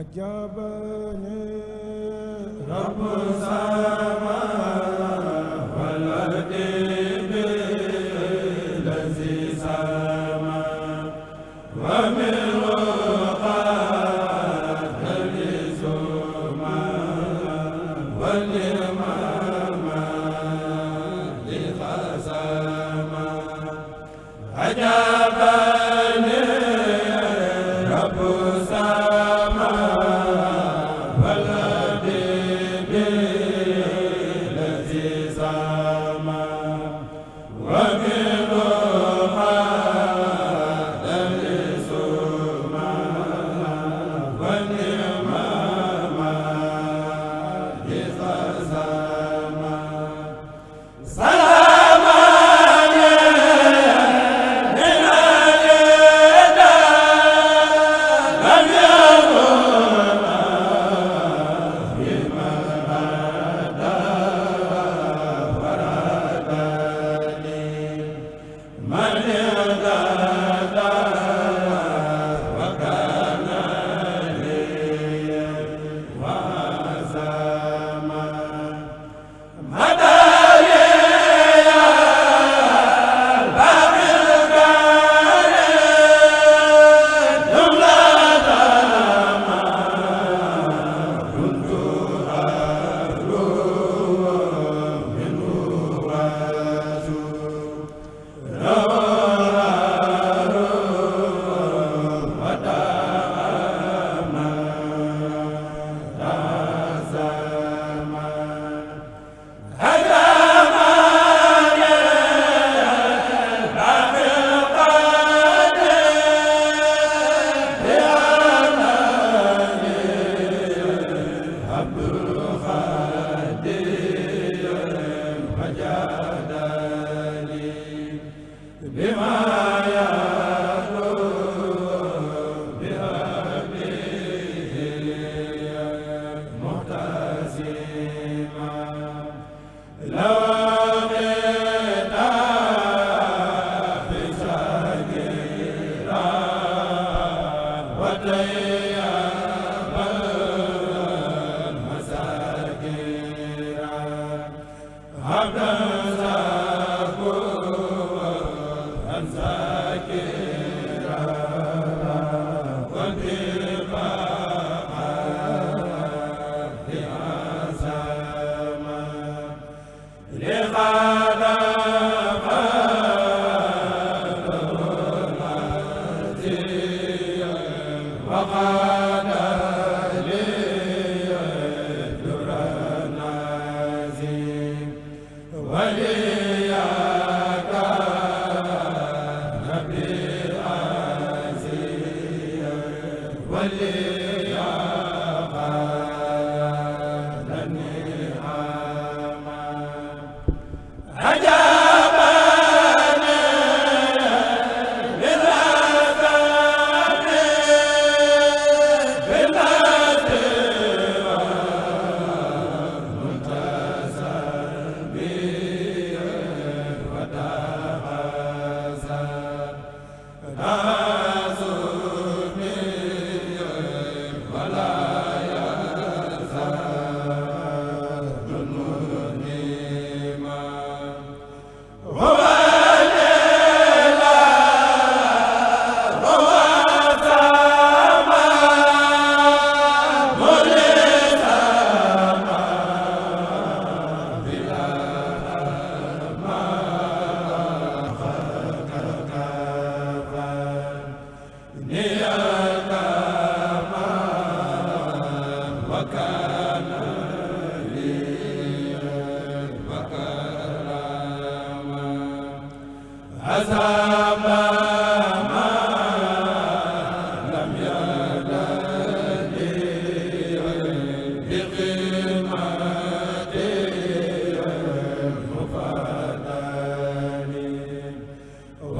ajabani rabbu sama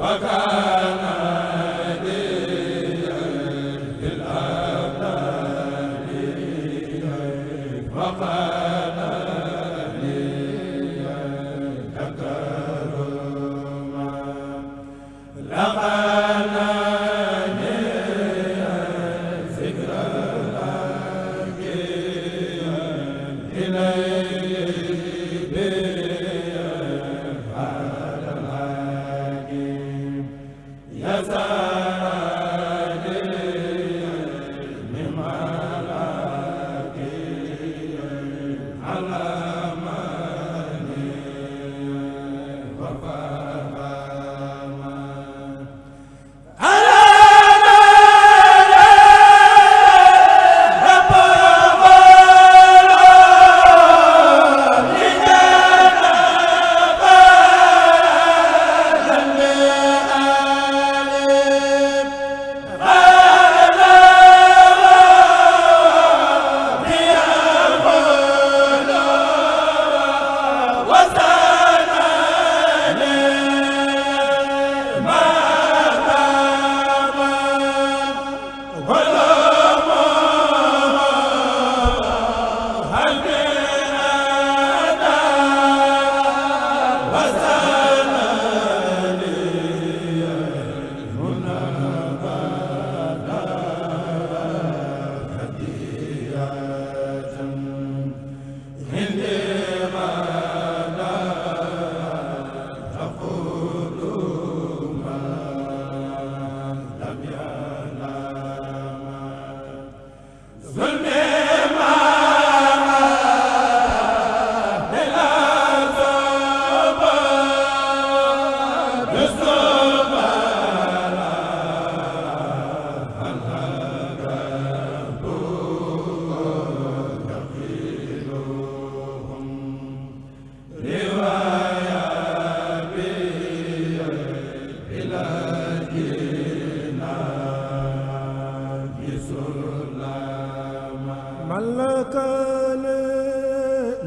baka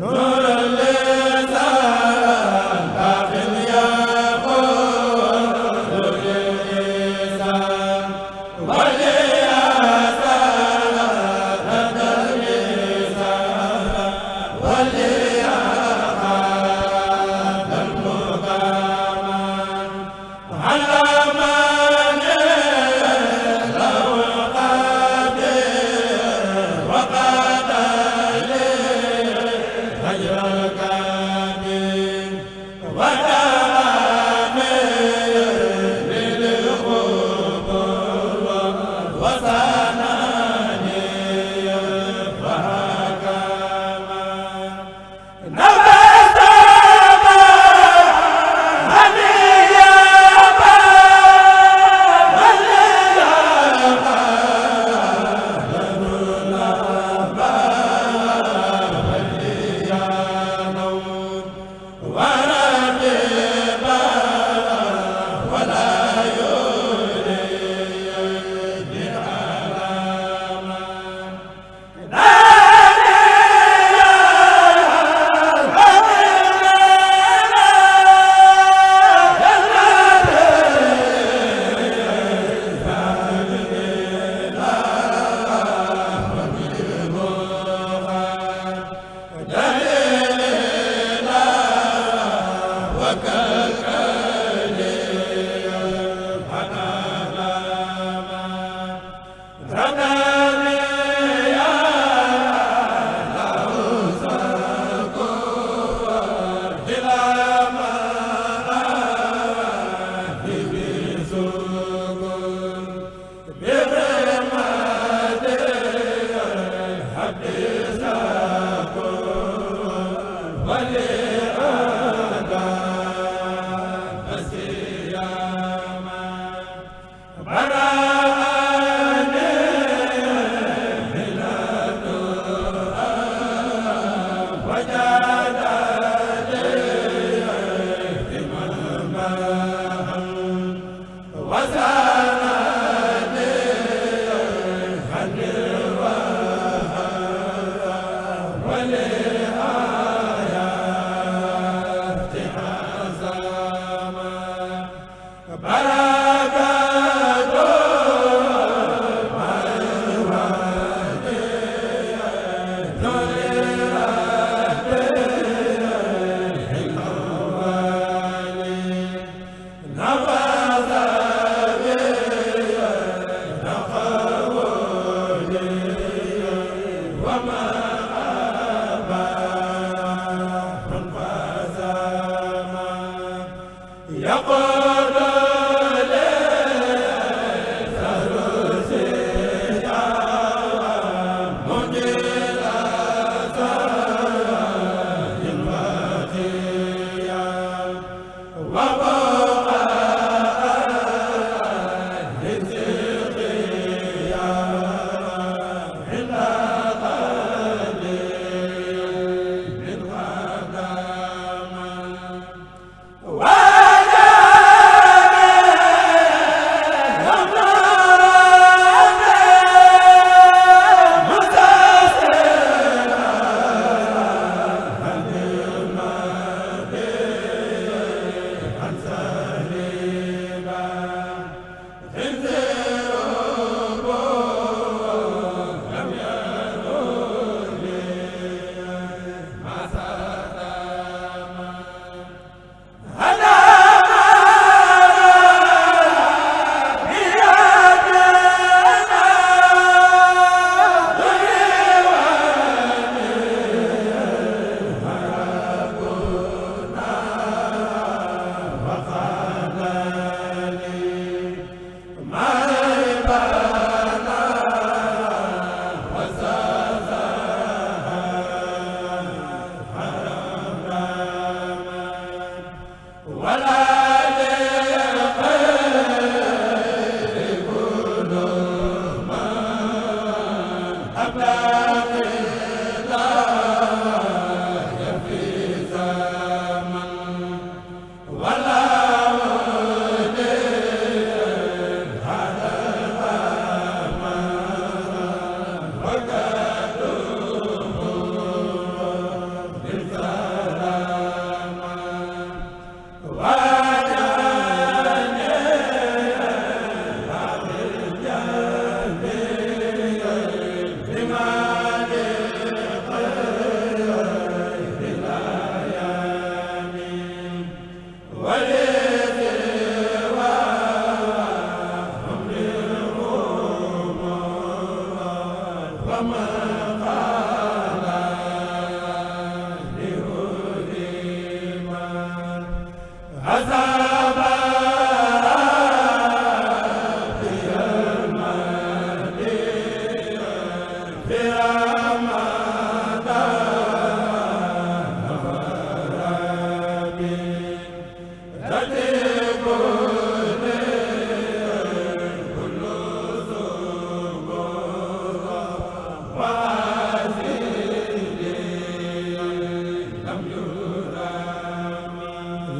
taala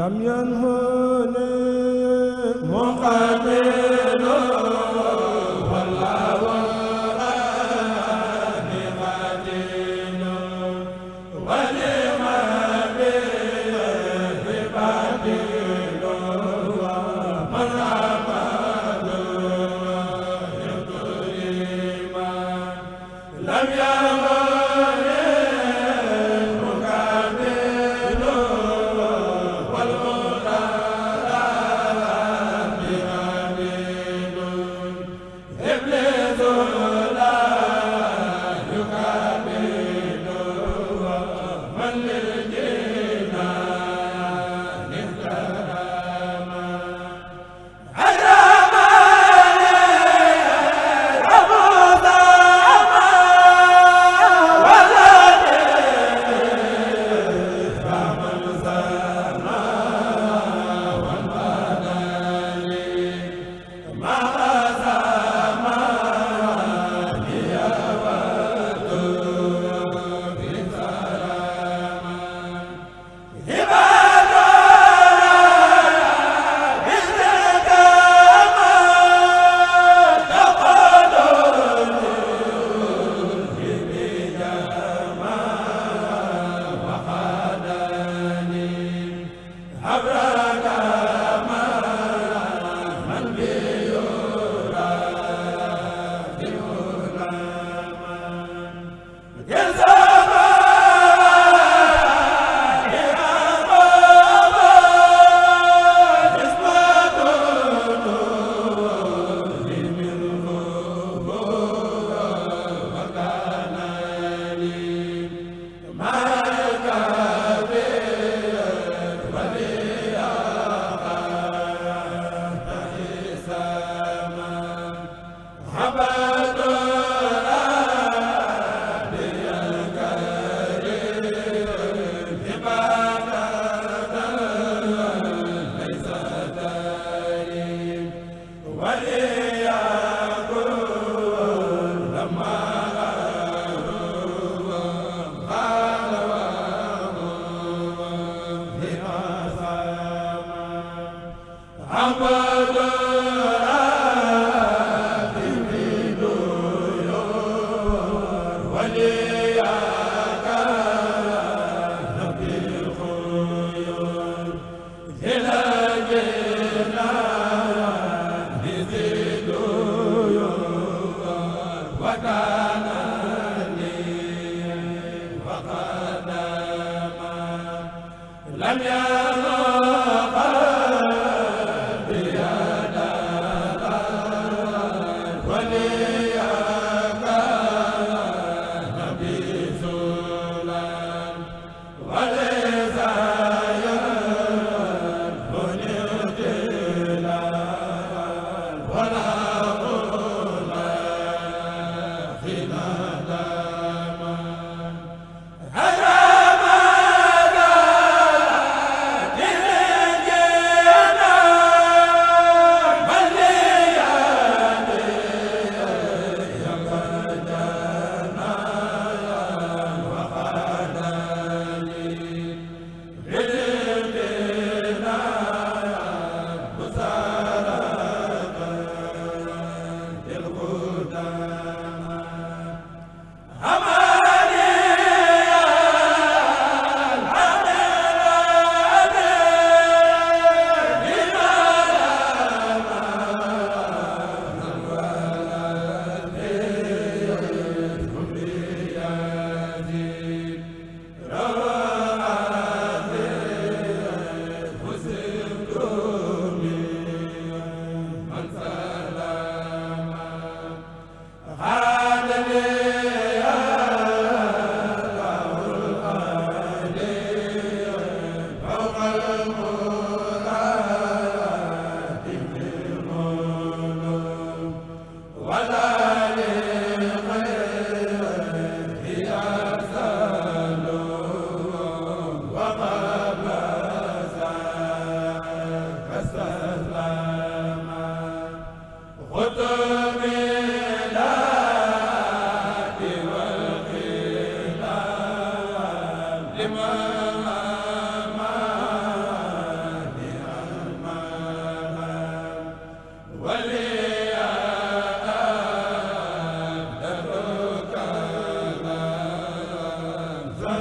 لم ينهض